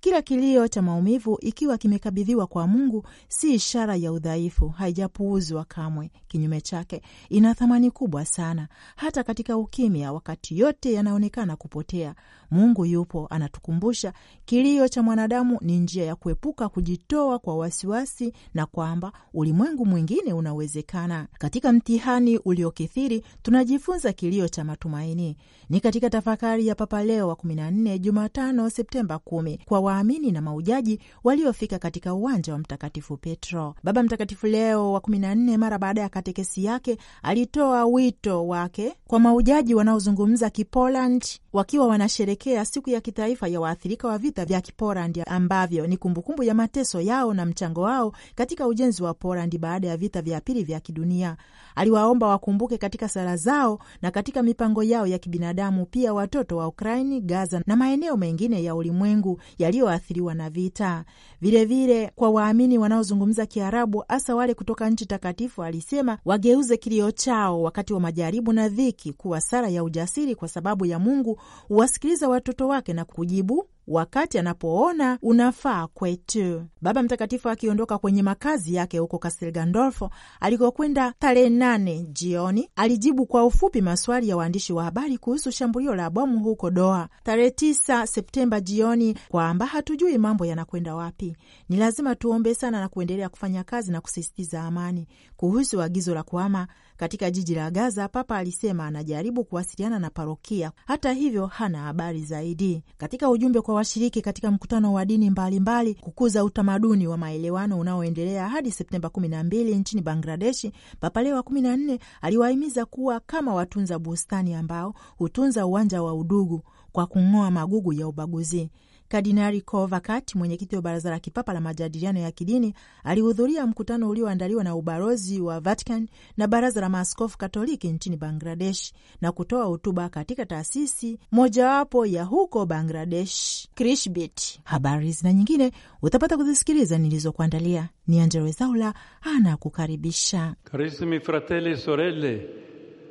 Kila kilio cha maumivu, ikiwa kimekabidhiwa kwa Mungu, si ishara ya udhaifu, haijapuuzwa kamwe. Kinyume chake, ina thamani kubwa sana. Hata katika ukimya, wakati yote yanaonekana kupotea, Mungu yupo anatukumbusha kilio cha mwanadamu ni njia ya kuepuka kujitoa kwa wasiwasi na kwamba ulimwengu mwingine unawezekana. Katika mtihani uliokithiri tunajifunza kilio cha matumaini. Ni katika tafakari ya Papa Leo wa 14 Jumatano Septemba 10 kwa waamini na maujaji waliofika katika uwanja wa Mtakatifu Petro. Baba Mtakatifu Leo wa 14 mara baada ya katekesi yake alitoa wito wake kwa maujaji wanaozungumza Kipoland wakiwa wanashere kusherekea siku ya kitaifa ya waathirika wa vita vya Kipolandi ambavyo ni kumbukumbu ya mateso yao na mchango wao katika ujenzi wa Polandi baada ya vita vya pili vya kidunia. Aliwaomba wakumbuke katika sala zao na katika mipango yao ya kibinadamu pia watoto wa Ukraini, Gaza na maeneo mengine ya ulimwengu yaliyoathiriwa na vita. Vilevile vile, kwa waamini wanaozungumza Kiarabu, hasa wale kutoka nchi takatifu, alisema wageuze kilio chao wakati wa majaribu na dhiki kuwa sala ya ujasiri, kwa sababu ya Mungu huwasikiliza watoto wake na kujibu wakati anapoona unafaa kwetu. Baba Mtakatifu akiondoka kwenye makazi yake huko Castel Gandolfo alikokwenda tarehe nane jioni, alijibu kwa ufupi maswali ya waandishi wa habari kuhusu shambulio la bomu huko Doha tarehe tisa Septemba jioni kwamba hatujui mambo yanakwenda wapi, ni lazima tuombe sana na kuendelea kufanya kazi na kusisitiza amani. Kuhusu agizo la kuhama katika jiji la Gaza, Papa alisema anajaribu kuwasiliana na parokia, hata hivyo hana habari zaidi. Katika ujumbe kwa washiriki katika mkutano wa dini mbalimbali mbali, kukuza utamaduni wa maelewano unaoendelea hadi Septemba kumi na mbili nchini Bangladeshi. Papa Leo wa kumi na nne aliwahimiza kuwa kama watunza bustani ambao hutunza uwanja wa udugu kwa kung'oa magugu ya ubaguzi. Kardinari Kovakat, mwenyekiti wa Baraza la Kipapa la Majadiliano ya Kidini, alihudhuria mkutano ulioandaliwa na ubalozi wa Vatican na Baraza la Maaskofu Katoliki nchini Bangladesh na kutoa hotuba katika taasisi mojawapo ya huko Bangladesh. Krishbit. Habari zina nyingine utapata kuzisikiliza nilizokuandalia. Ni Angelo Wezaula anakukaribisha. Carissimi fratelli e sorelle,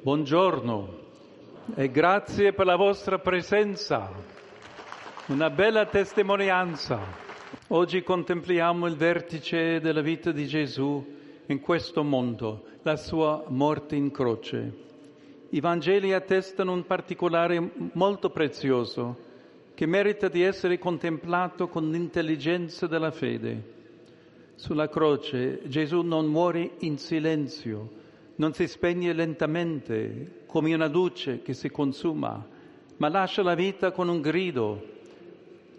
buongiorno e grazie per la vostra presenza. Una bella testimonianza. Oggi contempliamo il vertice della vita di Gesù in questo mondo, la sua morte in croce. I Vangeli attestano un particolare molto prezioso che merita di essere contemplato con l'intelligenza della fede. Sulla croce Gesù non muore in silenzio, non si spegne lentamente come una luce che si consuma, ma lascia la vita con un grido.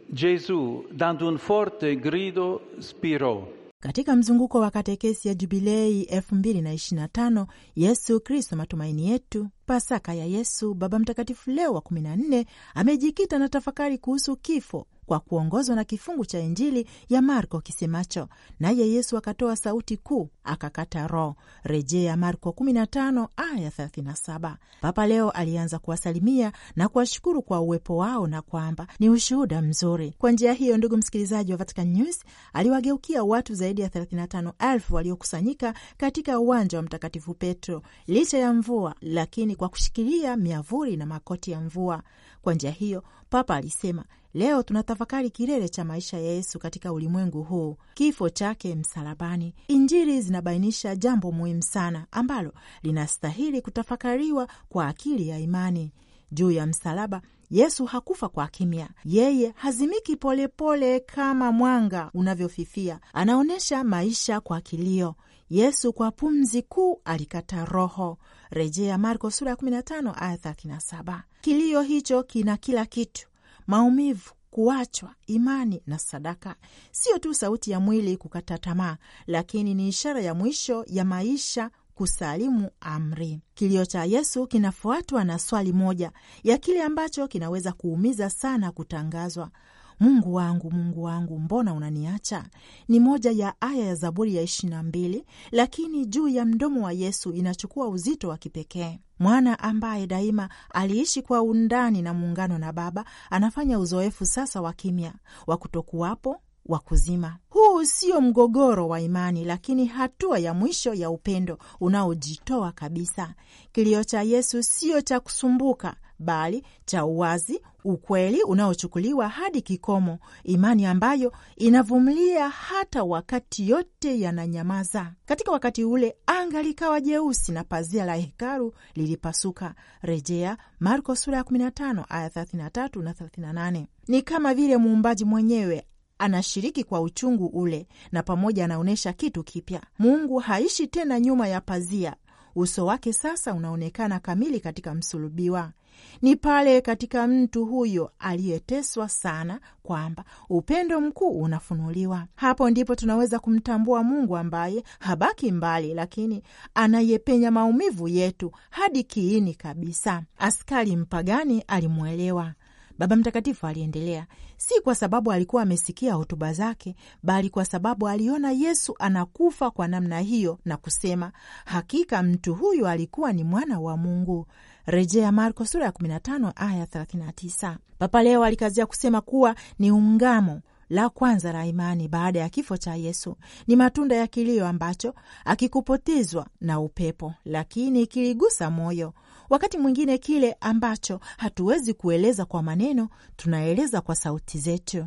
Gesù, dando un forte grido, spirò. Katika mzunguko wa katekesi ya Jubilei 2025 Yesu Kristo matumaini yetu, Pasaka ya Yesu, Baba Mtakatifu Leo wa 14 amejikita na tafakari kuhusu kifo kwa kuongozwa na kifungu cha Injili ya Marko kisemacho, naye Yesu akatoa sauti kuu akakata roho, rejea Marko 15 aya 37. Papa leo alianza kuwasalimia na kuwashukuru kwa uwepo wao na kwamba ni ushuhuda mzuri. Kwa njia hiyo, ndugu msikilizaji wa Vatican News, aliwageukia watu zaidi ya 35,000 waliokusanyika katika uwanja wa Mtakatifu Petro licha ya mvua, lakini kwa kushikilia miavuli na makoti ya mvua. Kwa njia hiyo, Papa alisema leo tunatafakari kilele cha maisha ya Yesu katika ulimwengu huu, kifo chake msalabani. Injili zinabainisha jambo muhimu sana ambalo linastahili kutafakariwa kwa akili ya imani. Juu ya msalaba, Yesu hakufa kwa kimya. Yeye hazimiki polepole kama mwanga unavyofifia, anaonyesha maisha kwa kilio. Yesu kwa pumzi kuu alikata roho, rejea Marko sura ya 15 aya 37. Kilio hicho kina kila kitu: maumivu, kuachwa, imani na sadaka. Sio tu sauti ya mwili kukata tamaa, lakini ni ishara ya mwisho ya maisha kusalimu amri. Kilio cha Yesu kinafuatwa na swali moja ya kile ambacho kinaweza kuumiza sana kutangazwa: Mungu wangu, Mungu wangu, mbona unaniacha? Ni moja ya aya ya Zaburi ya ishirini na mbili, lakini juu ya mdomo wa Yesu inachukua uzito wa kipekee. Mwana ambaye daima aliishi kwa undani na muungano na Baba anafanya uzoefu sasa wa kimya wa kutokuwapo wa kuzima. Huu sio mgogoro wa imani, lakini hatua ya mwisho ya upendo unaojitoa kabisa. Kilio cha Yesu sio cha kusumbuka, bali cha uwazi, ukweli unaochukuliwa hadi kikomo, imani ambayo inavumilia hata wakati yote yananyamaza. Katika wakati ule anga likawa jeusi na pazia la hekalu lilipasuka, rejea Marko sura ya 15 aya 33 na 38. Ni kama vile muumbaji mwenyewe anashiriki kwa uchungu ule na pamoja anaonyesha kitu kipya. Mungu haishi tena nyuma ya pazia. Uso wake sasa unaonekana kamili katika msulubiwa. Ni pale katika mtu huyo aliyeteswa sana kwamba upendo mkuu unafunuliwa. Hapo ndipo tunaweza kumtambua Mungu ambaye habaki mbali, lakini anayepenya maumivu yetu hadi kiini kabisa. Askari mpagani alimwelewa. Baba Mtakatifu aliendelea, si kwa sababu alikuwa amesikia hotuba zake, bali kwa sababu aliona Yesu anakufa kwa namna hiyo na kusema, hakika mtu huyu alikuwa ni mwana wa Mungu. Rejea Marko sura ya 15 aya 39. Papa leo alikazia kusema kuwa ni ungamo la kwanza la imani baada ya kifo cha Yesu ni matunda ya kilio ambacho akikupotezwa na upepo, lakini kiligusa moyo. Wakati mwingine kile ambacho hatuwezi kueleza kwa maneno, tunaeleza kwa sauti zetu.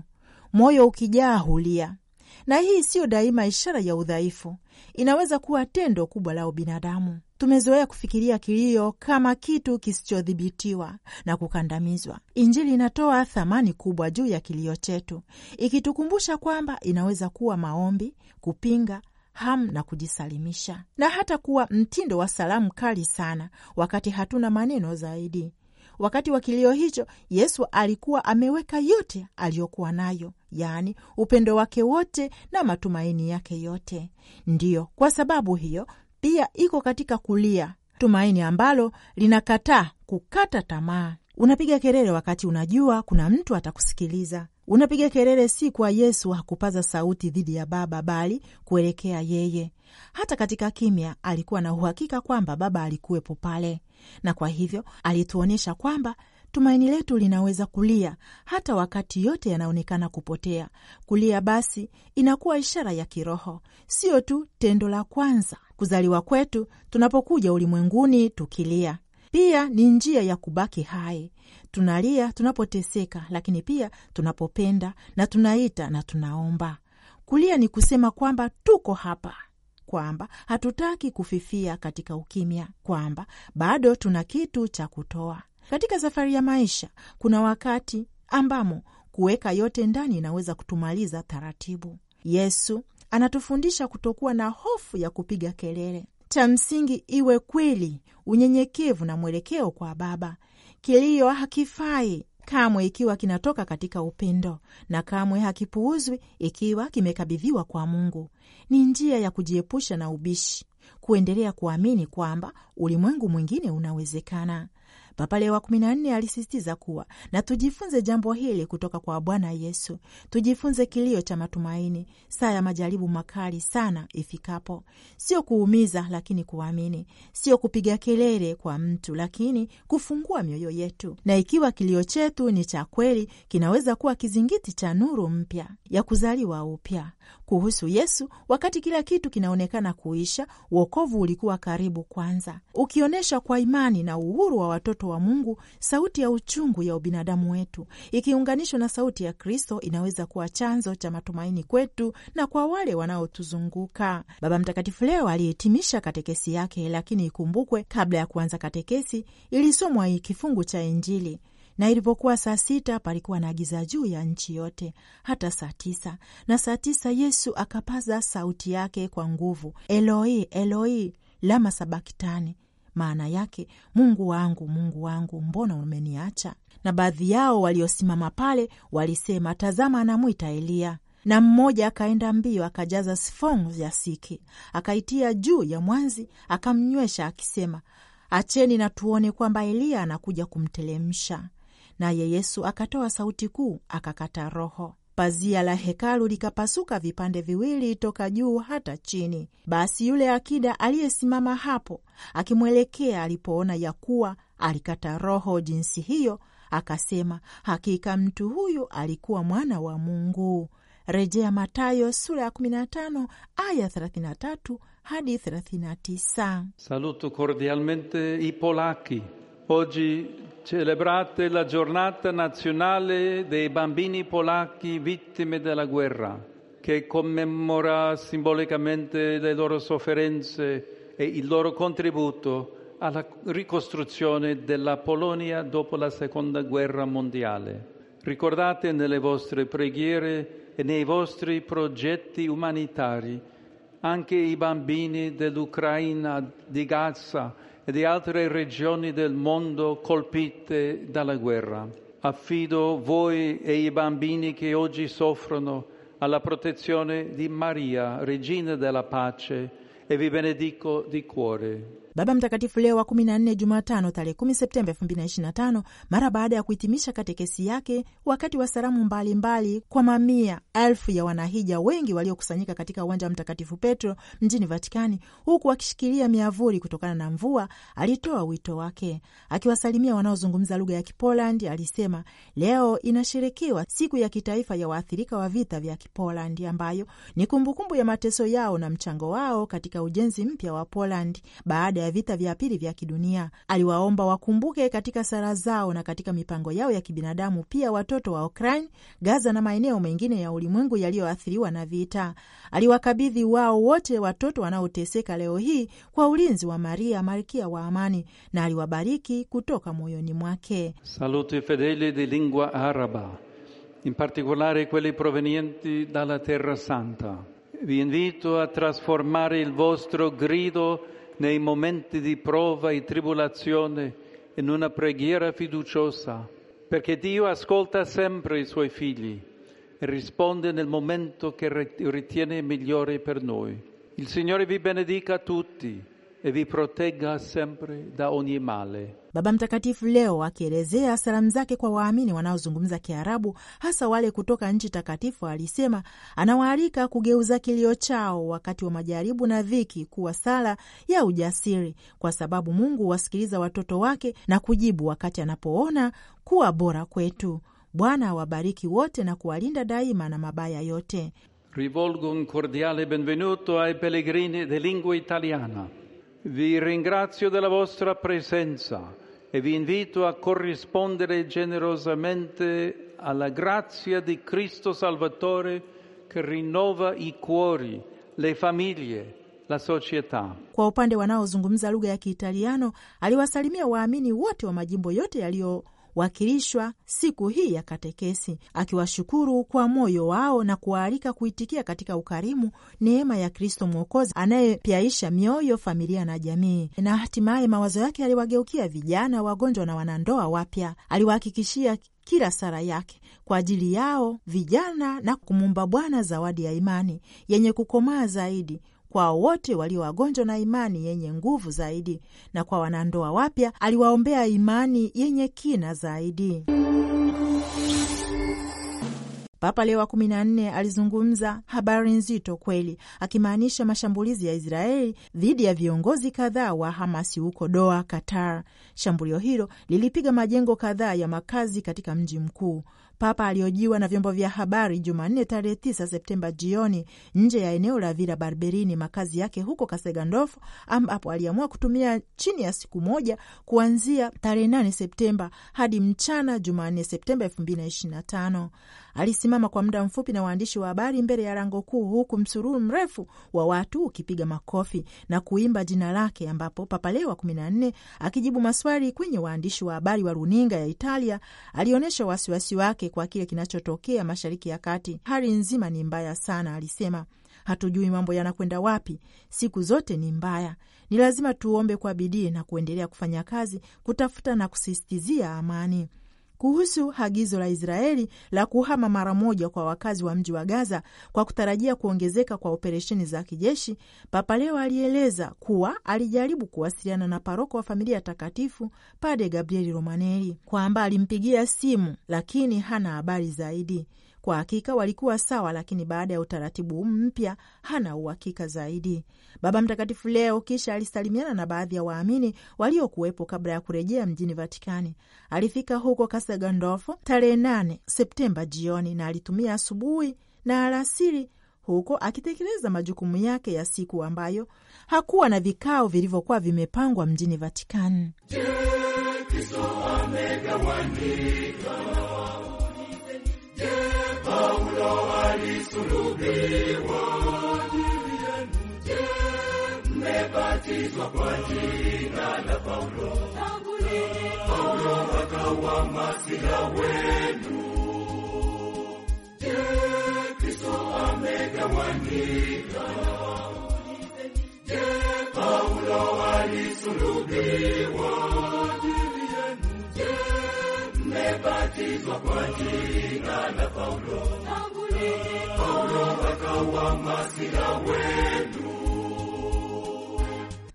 Moyo ukijaa hulia, na hii siyo daima ishara ya udhaifu, inaweza kuwa tendo kubwa la ubinadamu. Tumezoea kufikiria kilio kama kitu kisichodhibitiwa na kukandamizwa. Injili inatoa thamani kubwa juu ya kilio chetu, ikitukumbusha kwamba inaweza kuwa maombi, kupinga hamu na kujisalimisha, na hata kuwa mtindo wa salamu kali sana wakati hatuna maneno zaidi. Wakati wa kilio hicho, Yesu alikuwa ameweka yote aliyokuwa nayo, yaani upendo wake wote na matumaini yake yote. Ndiyo, kwa sababu hiyo pia iko katika kulia, tumaini ambalo linakataa kukata tamaa. Unapiga kelele wakati unajua kuna mtu atakusikiliza. Unapiga kelele si kwa Yesu hakupaza sauti dhidi ya Baba, bali kuelekea yeye. Hata katika kimya alikuwa na uhakika kwamba Baba alikuwepo pale, na kwa hivyo alituonyesha kwamba tumaini letu linaweza kulia hata wakati yote yanaonekana kupotea. Kulia basi inakuwa ishara ya kiroho, sio tu tendo la kwanza kuzaliwa kwetu. Tunapokuja ulimwenguni tukilia, pia ni njia ya kubaki hai. Tunalia tunapoteseka, lakini pia tunapopenda, na tunaita na tunaomba. Kulia ni kusema kwamba tuko hapa kwamba hatutaki kufifia katika ukimya, kwamba bado tuna kitu cha kutoa. Katika safari ya maisha, kuna wakati ambamo kuweka yote ndani inaweza kutumaliza taratibu. Yesu anatufundisha kutokuwa na hofu ya kupiga kelele. Cha msingi iwe kweli, unyenyekevu na mwelekeo kwa Baba. Kilio hakifai kamwe ikiwa kinatoka katika upendo, na kamwe hakipuuzwi ikiwa kimekabidhiwa kwa Mungu. Ni njia ya kujiepusha na ubishi, kuendelea kuamini kwamba ulimwengu mwingine unawezekana. Papa Leo wa 14 alisisitiza kuwa na tujifunze jambo hili kutoka kwa Bwana Yesu, tujifunze kilio cha matumaini saa ya majaribu makali sana ifikapo, sio kuumiza lakini kuamini, sio kupiga kelele kwa mtu lakini kufungua mioyo yetu. Na ikiwa kilio chetu ni cha kweli, kinaweza kuwa kizingiti cha nuru mpya ya kuzaliwa upya kuhusu Yesu. Wakati kila kitu kinaonekana kuisha, wokovu ulikuwa karibu kwanza, ukionyesha kwa imani na uhuru wa watoto wa Mungu, sauti ya uchungu ya ubinadamu wetu ikiunganishwa na sauti ya Kristo inaweza kuwa chanzo cha matumaini kwetu na kwa wale wanaotuzunguka. Baba Mtakatifu leo alihitimisha katekesi yake, lakini ikumbukwe, kabla ya kuanza katekesi ilisomwa kifungu cha Injili na ilipokuwa saa sita palikuwa na giza juu ya nchi yote hata saa tisa. Na saa tisa Yesu akapaza sauti yake kwa nguvu, Eloi, Eloi lama sabaktani, maana yake Mungu wangu, Mungu wangu, mbona umeniacha? Na baadhi yao waliosimama pale walisema, tazama, anamwita Eliya. Na mmoja akaenda mbio akajaza sifongo ya siki, akaitia juu ya mwanzi, akamnywesha akisema, acheni na tuone kwamba Eliya anakuja kumtelemsha. Naye Yesu akatoa sauti kuu, akakata roho pazia la hekalu likapasuka vipande viwili toka juu hata chini. Basi yule akida aliyesimama hapo akimwelekea, alipoona ya kuwa alikata roho jinsi hiyo, akasema, hakika mtu huyu alikuwa mwana wa Mungu. Rejea Matayo sura ya 15 aya 33 hadi 39. Saluto cordialmente i polacchi oggi celebrate la giornata nazionale dei bambini polacchi vittime della guerra, che commemora simbolicamente le loro sofferenze e il loro contributo alla ricostruzione della Polonia dopo la Seconda Guerra Mondiale. Ricordate nelle vostre preghiere e nei vostri progetti umanitari anche i bambini dell'Ucraina, di Gaza e di altre regioni del mondo colpite dalla guerra. Affido voi e i bambini che oggi soffrono alla protezione di Maria, Regina della Pace, e vi benedico di cuore. Baba Mtakatifu Leo wa 14 Jumatano tarehe 10 Septemba 2025 mara baada ya kuhitimisha katekesi yake wakati wa salamu mbalimbali kwa mamia elfu ya wanahija wengi waliokusanyika katika uwanja wa Mtakatifu Petro mjini Vatikani, huku akishikilia miavuli kutokana na mvua, alitoa wito wake. Akiwasalimia wanaozungumza lugha ya Kipolandi, alisema leo inasherekewa siku ya kitaifa ya waathirika wa vita vya Kipolandi, ambayo ni kumbukumbu ya mateso yao na mchango wao katika ujenzi mpya wa Polandi baada baada ya vita vya pili vya kidunia. Aliwaomba wakumbuke katika sala zao na katika mipango yao ya kibinadamu pia watoto wa Ukraine, Gaza na maeneo mengine ya ulimwengu yaliyoathiriwa na vita. Aliwakabidhi wao wote watoto wanaoteseka leo hii kwa ulinzi wa Maria, malkia wa amani, na aliwabariki kutoka moyoni mwake. saluti fedeli di lingua araba in particolare quelli provenienti dalla terra santa vi invito a trasformare il vostro grido nei momenti di prova e tribolazione in una preghiera fiduciosa, perché Dio ascolta sempre i suoi figli e risponde nel momento che ritiene migliore per noi. Il Signore vi benedica tutti e vi protegga sempre da ogni male. Baba Mtakatifu leo akielezea salamu zake kwa waamini wanaozungumza Kiarabu, hasa wale kutoka nchi takatifu, alisema anawaalika kugeuza kilio chao wakati wa majaribu na dhiki kuwa sala ya ujasiri, kwa sababu Mungu huwasikiliza watoto wake na kujibu wakati anapoona kuwa bora kwetu. Bwana awabariki wote na kuwalinda daima na mabaya yote. Rivolgo un cordiale benvenuto ai pellegrini de lingua italiana Vi ringrazio della vostra presenza e vi invito a corrispondere generosamente alla grazia di Cristo Salvatore che rinnova i cuori, le famiglie, la società. Kwa upande wanaozungumza lugha ya Kiitaliano aliwasalimia waamini wote wa majimbo yote yaliyo wakilishwa siku hii ya katekesi, akiwashukuru kwa moyo wao na kuwaalika kuitikia katika ukarimu neema ya Kristo Mwokozi anayepyaisha mioyo, familia na jamii. Na hatimaye mawazo yake aliwageukia vijana, wagonjwa na wanandoa wapya. Aliwahakikishia kila sara yake kwa ajili yao vijana na kumumba Bwana zawadi ya imani yenye kukomaa zaidi kwa wote walio wagonjwa na imani yenye nguvu zaidi, na kwa wanandoa wapya aliwaombea imani yenye kina zaidi. Papa Leo wa kumi na nne alizungumza habari nzito kweli, akimaanisha mashambulizi ya Israeli dhidi ya viongozi kadhaa wa Hamasi huko Doha, Qatar. Shambulio hilo lilipiga majengo kadhaa ya makazi katika mji mkuu. Papa aliojiwa na vyombo vya habari Jumanne tarehe 9 Septemba jioni nje ya eneo la Villa Barberini, makazi yake huko Kasegandolfo, ambapo aliamua kutumia chini ya siku moja kuanzia tarehe 8 Septemba hadi mchana Jumanne Septemba 2025. Alisimama kwa muda mfupi na waandishi wa habari mbele ya lango kuu, huku msururu mrefu wa watu ukipiga makofi na kuimba jina lake, ambapo Papa Leo wa kumi na nne akijibu maswali kwenye waandishi wa habari wa runinga ya Italia alionyesha wasiwasi wake kwa kile kinachotokea Mashariki ya Kati. Hali nzima ni mbaya sana, alisema Hatujui mambo yanakwenda wapi, siku zote ni mbaya. Ni lazima tuombe kwa bidii na kuendelea kufanya kazi, kutafuta na kusisitizia amani kuhusu agizo la Israeli la kuhama mara moja kwa wakazi wa mji wa Gaza kwa kutarajia kuongezeka kwa operesheni za kijeshi, Papa Leo alieleza kuwa alijaribu kuwasiliana na paroko wa familia takatifu Pade Gabrieli romaneli kwamba alimpigia simu lakini hana habari zaidi. Kwa hakika walikuwa sawa, lakini baada ya utaratibu mpya hana uhakika zaidi. Baba Mtakatifu leo kisha alisalimiana na baadhi ya waamini waliokuwepo kabla ya kurejea mjini Vatikani. Alifika huko Castel Gandolfo tarehe 8 Septemba jioni na alitumia asubuhi na alasiri huko akitekeleza majukumu yake ya siku ambayo hakuwa na vikao vilivyokuwa vimepangwa mjini Vatikani. Je, Kristo amegawanyika Kristo alisulubiwa ajili yenu. Je, kwa jina la Paulo? Paulo akawa masila wenu. Je, Kristo amegawanyika? Je, Paulo alisulubiwa kwa jina la Paulo. Paulo akawa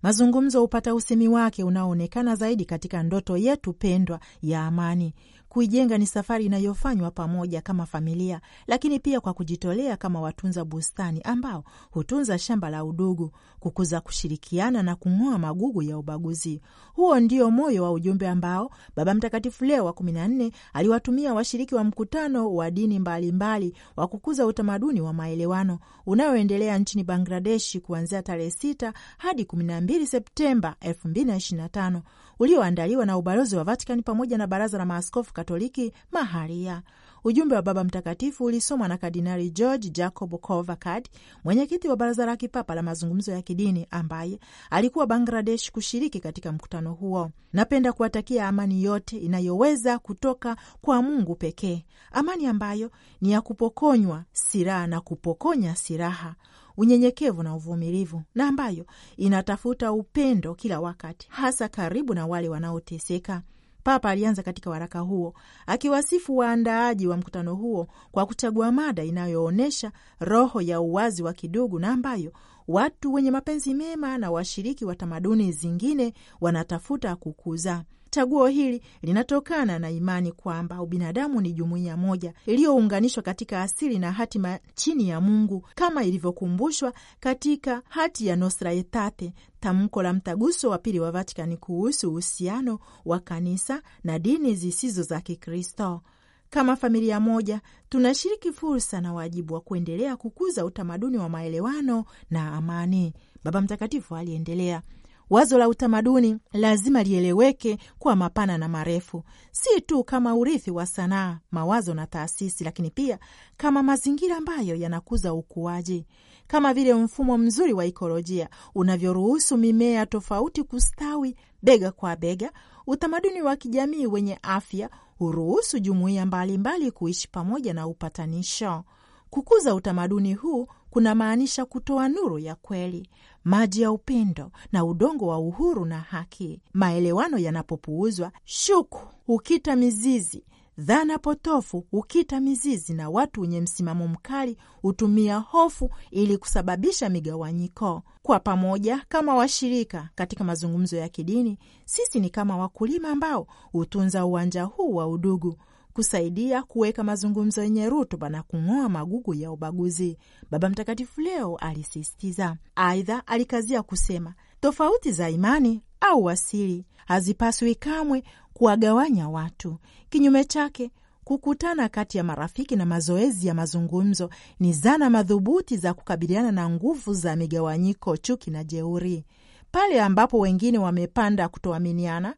Mazungumzo hupata usemi wake unaoonekana zaidi katika ndoto yetu pendwa ya amani. Kuijenga ni safari inayofanywa pamoja kama familia, lakini pia kwa kujitolea kama watunza bustani ambao hutunza shamba la udugu, kukuza, kushirikiana na kung'oa magugu ya ubaguzi. Huo ndio moyo wa ujumbe ambao Baba Mtakatifu Leo wa kumi na nne aliwatumia washiriki wa mkutano wa dini mbalimbali mbali, wa kukuza utamaduni wa maelewano unaoendelea nchini Bangladeshi kuanzia tarehe 6 hadi 12 Septemba 2025 ulioandaliwa na ubalozi wa Vatikani pamoja na baraza la maaskofu Katoliki mahalia. Ujumbe wa Baba Mtakatifu ulisomwa na Kardinali George Jacob Covacad, mwenyekiti wa baraza la kipapa la mazungumzo ya kidini, ambaye alikuwa Bangladesh kushiriki katika mkutano huo. Napenda kuwatakia amani yote inayoweza kutoka kwa Mungu pekee, amani ambayo ni ya kupokonywa silaha na kupokonya silaha unyenyekevu na uvumilivu, na ambayo inatafuta upendo kila wakati, hasa karibu na wale wanaoteseka. Papa alianza katika waraka huo akiwasifu waandaaji wa mkutano huo kwa kuchagua mada inayoonyesha roho ya uwazi wa kidugu na ambayo watu wenye mapenzi mema na washiriki wa tamaduni zingine wanatafuta kukuza. Chaguo hili linatokana na imani kwamba ubinadamu ni jumuiya moja iliyounganishwa katika asili na hatima chini ya Mungu kama ilivyokumbushwa katika hati ya Nostra Aetate, tamko la mtaguso wa pili wa Vatikani kuhusu uhusiano wa kanisa na dini zisizo za Kikristo. Kama familia moja tunashiriki fursa na wajibu wa kuendelea kukuza utamaduni wa maelewano na amani, Baba Mtakatifu aliendelea. Wazo la utamaduni lazima lieleweke kwa mapana na marefu, si tu kama urithi wa sanaa, mawazo na taasisi, lakini pia kama mazingira ambayo yanakuza ukuaji, kama vile mfumo mzuri wa ikolojia unavyoruhusu mimea tofauti kustawi bega kwa bega. Utamaduni wa kijamii wenye afya huruhusu jumuiya mbalimbali kuishi pamoja na upatanisho. Kukuza utamaduni huu kunamaanisha kutoa nuru ya kweli, maji ya upendo na udongo wa uhuru na haki. Maelewano yanapopuuzwa, shuku hukita mizizi, dhana potofu hukita mizizi, na watu wenye msimamo mkali hutumia hofu ili kusababisha migawanyiko. Kwa pamoja, kama washirika katika mazungumzo ya kidini, sisi ni kama wakulima ambao hutunza uwanja huu wa udugu kusaidia kuweka mazungumzo yenye rutuba na kung'oa magugu ya ubaguzi, Baba Mtakatifu leo alisisitiza. Aidha, alikazia kusema tofauti za imani au asili hazipaswi kamwe kuwagawanya watu. Kinyume chake, kukutana kati ya marafiki na mazoezi ya mazungumzo ni zana madhubuti za kukabiliana na nguvu za migawanyiko, chuki na jeuri. Pale ambapo wengine wamepanda kutoaminiana,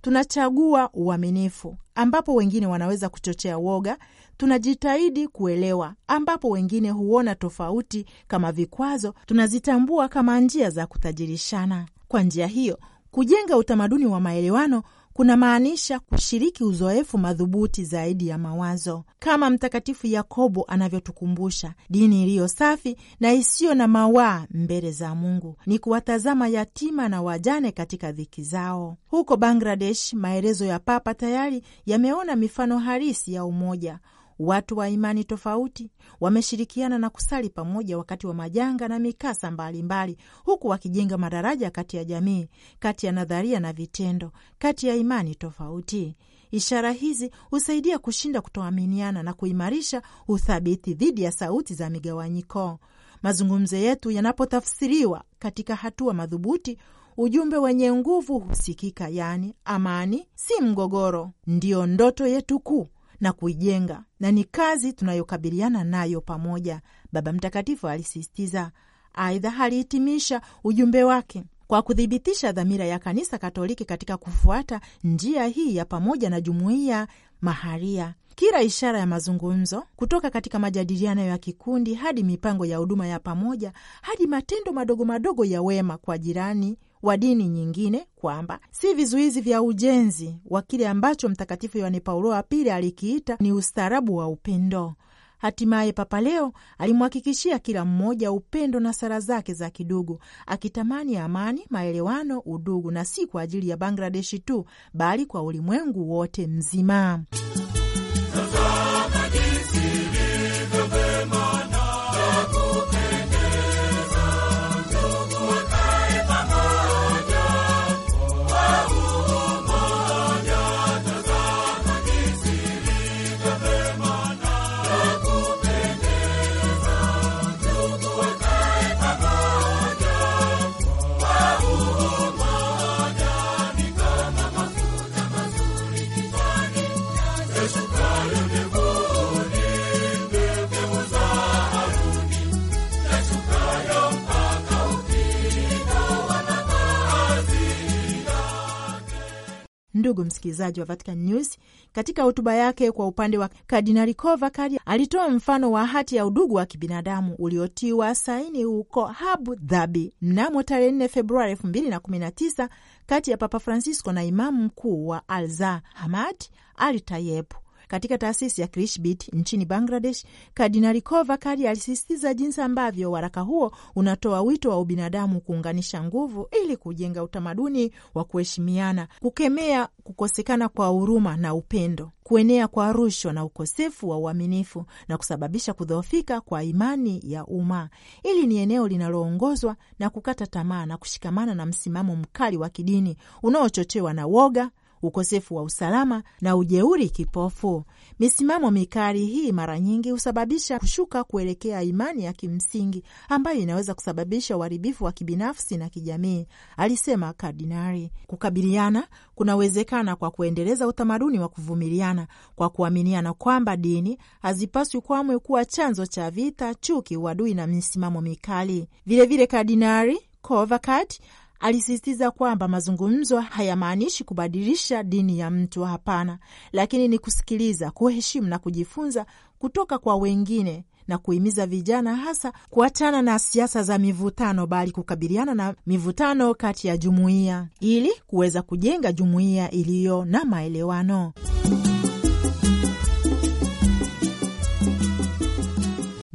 tunachagua uaminifu ambapo wengine wanaweza kuchochea woga, tunajitahidi kuelewa, ambapo wengine huona tofauti kama vikwazo, tunazitambua kama njia za kutajirishana. Kwa njia hiyo Kujenga utamaduni wa maelewano kuna maanisha kushiriki uzoefu madhubuti zaidi ya mawazo. Kama Mtakatifu Yakobo anavyotukumbusha, dini iliyo safi na isiyo na mawaa mbele za Mungu ni kuwatazama yatima na wajane katika dhiki zao. Huko Bangladesh, maelezo ya Papa tayari yameona mifano halisi ya umoja Watu wa imani tofauti wameshirikiana na kusali pamoja wakati wa majanga na mikasa mbalimbali mbali, huku wakijenga madaraja kati ya jamii, kati ya nadharia na vitendo, kati ya imani tofauti. Ishara hizi husaidia kushinda kutoaminiana na kuimarisha uthabiti dhidi ya sauti za migawanyiko. Mazungumzo yetu yanapotafsiriwa katika hatua madhubuti, ujumbe wenye nguvu husikika, yaani amani si mgogoro, ndiyo ndoto yetu kuu na kuijenga, na ni kazi tunayokabiliana nayo pamoja, Baba Mtakatifu alisisitiza. Aidha, alihitimisha ujumbe wake kwa kuthibitisha dhamira ya Kanisa Katoliki katika kufuata njia hii ya pamoja na jumuiya maharia. Kila ishara ya mazungumzo kutoka katika majadiliano ya kikundi hadi mipango ya huduma ya pamoja hadi matendo madogo madogo ya wema kwa jirani wa dini nyingine kwamba si vizuizi vya ujenzi wa kile ambacho Mtakatifu Yohane Paulo wa Pili alikiita ni ustaarabu wa upendo. Hatimaye Papa Leo alimhakikishia kila mmoja upendo na sala zake za kidugu, akitamani amani, maelewano, udugu, na si kwa ajili ya Bangladeshi tu, bali kwa ulimwengu wote mzima. ndugu msikilizaji wa Vatican News, katika hotuba yake kwa upande wa Kardinali Kovakari alitoa mfano wa hati ya udugu wa kibinadamu uliotiwa saini huko Abu Dhabi mnamo tarehe 4 Februari 2019 kati ya Papa Francisco na Imamu mkuu wa Alzar Hamad Al Tayebu. Katika taasisi ya Krishbit nchini Bangladesh, Kardinali Kovakadi alisisitiza jinsi ambavyo waraka huo unatoa wito wa ubinadamu kuunganisha nguvu ili kujenga utamaduni wa kuheshimiana, kukemea kukosekana kwa huruma na upendo, kuenea kwa rushwa na ukosefu wa uaminifu na kusababisha kudhoofika kwa imani ya umma. ili ni eneo linaloongozwa na kukata tamaa na kushikamana na msimamo mkali wa kidini unaochochewa na woga ukosefu wa usalama na ujeuri kipofu. Misimamo mikali hii mara nyingi husababisha kushuka kuelekea imani ya kimsingi ambayo inaweza kusababisha uharibifu wa kibinafsi na kijamii, alisema kardinari Kukabiliana kunawezekana kwa kuendeleza utamaduni wa kuvumiliana, kwa kuaminiana kwamba dini hazipaswi kwamwe kuwa chanzo cha vita, chuki, uadui na misimamo mikali. Vilevile Kardinari Kovakad Alisisitiza kwamba mazungumzo hayamaanishi kubadilisha dini ya mtu, hapana, lakini ni kusikiliza, kuheshimu na kujifunza kutoka kwa wengine na kuhimiza vijana hasa kuachana na siasa za mivutano, bali kukabiliana na mivutano kati ya jumuiya ili kuweza kujenga jumuiya iliyo na maelewano.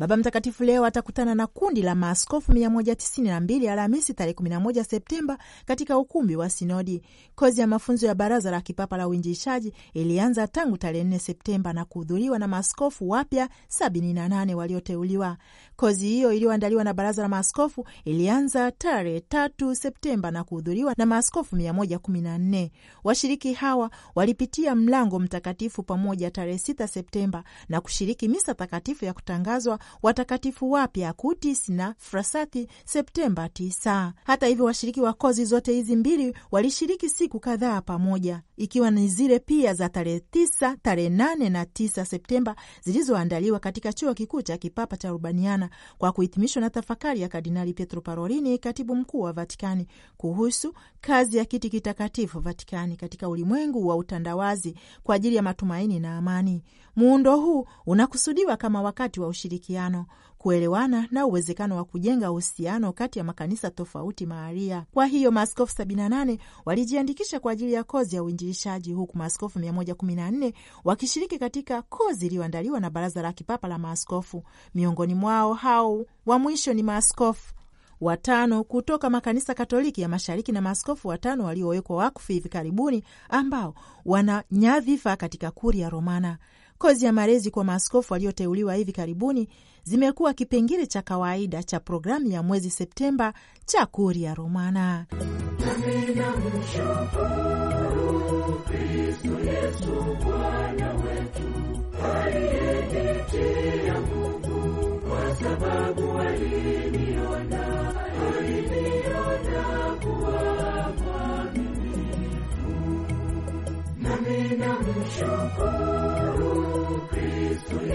Baba Mtakatifu leo atakutana na kundi la maaskofu 192 Alhamisi tarehe 11 Septemba katika ukumbi wa Sinodi. Kozi ya mafunzo ya Baraza la Kipapa la Uinjishaji ilianza tangu tarehe 4 Septemba na kuhudhuriwa na maaskofu wapya 78 walioteuliwa. Kozi hiyo iliyoandaliwa na Baraza la Maaskofu ilianza tarehe 3 Septemba na kuhudhuriwa na maaskofu 114. Washiriki hawa walipitia mlango mtakatifu pamoja tarehe 6 Septemba na kushiriki misa takatifu ya kutangazwa watakatifu wapya kutis na Frasathi Septemba 9. Hata hivyo, washiriki wa kozi zote hizi mbili walishiriki siku kadhaa pamoja, ikiwa ni zile pia za tarehe 9, tarehe 8 na 9 Septemba zilizoandaliwa katika chuo kikuu cha kipapa cha Urbaniana kwa kuhitimishwa na tafakari ya Kardinali Pietro Parolini, katibu mkuu wa Vatikani, kuhusu kazi ya kiti kitakatifu Vatikani katika ulimwengu wa utandawazi kwa ajili ya matumaini na amani. Muundo huu unakusudiwa kama wakati wa ushirikiano mawasiliano, kuelewana na uwezekano wa kujenga uhusiano kati ya makanisa tofauti maharia. Kwa hiyo maaskofu 78 walijiandikisha kwa ajili ya kozi ya uinjilishaji, huku maaskofu 114 wakishiriki katika kozi iliyoandaliwa na Baraza la Kipapa la Maaskofu. Miongoni mwao hao wa mwisho ni maaskofu watano kutoka makanisa Katoliki ya Mashariki na maaskofu watano waliowekwa wakfu hivi karibuni ambao wana nyadhifa katika Kuria Romana. Kozi ya malezi kwa maaskofu walioteuliwa hivi karibuni zimekuwa kipengele cha kawaida cha programu ya mwezi Septemba cha Kuria Romana.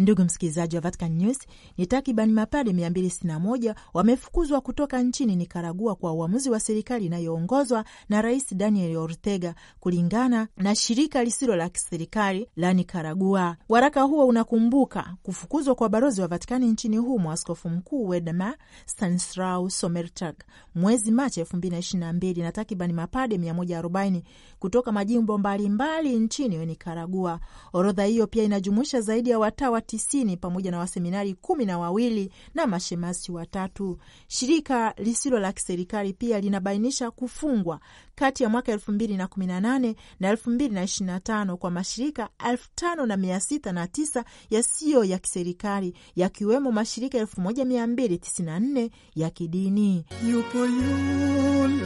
Ndugu msikilizaji wa Vatican News, ni takriban mapade 261 wamefukuzwa kutoka nchini Nikaragua kwa uamuzi wa serikali inayoongozwa na Rais Daniel Ortega, kulingana na shirika lisilo la kiserikali la Nikaragua. Waraka huo unakumbuka kufukuzwa kwa balozi wa Vatikani nchini humo Askofu Mkuu Wedma Stanislau Somertak mwezi Machi 2022 na takriban mapade 140 kutoka majimbo mbalimbali mbali nchini Nikaragua. Orodha hiyo pia inajumuisha zaidi ya watawa tisini pamoja na waseminari kumi na wawili na mashemasi watatu. Shirika lisilo la kiserikali pia linabainisha kufungwa kati ya mwaka mbili na tano kwa mashirika tisa yasiyo ya kiserikali yakiwemo mashirika 1294 ya kidini. Yupo yule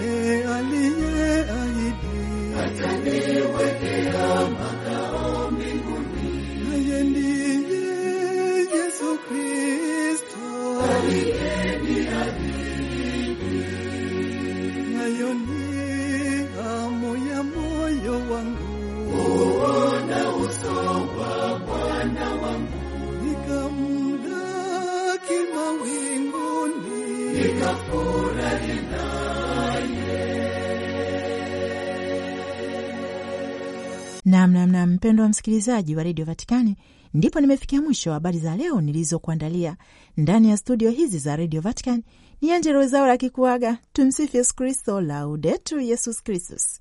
Mpendwa msikilizaji wa redio Vatikani, ndipo nimefikia mwisho wa habari za leo nilizokuandalia ndani ya studio hizi za redio Vatikani. Ni Angella Rwezaura akikuaga. Tumsifu Yesu Kristo, Laudetur Yesus Kristus.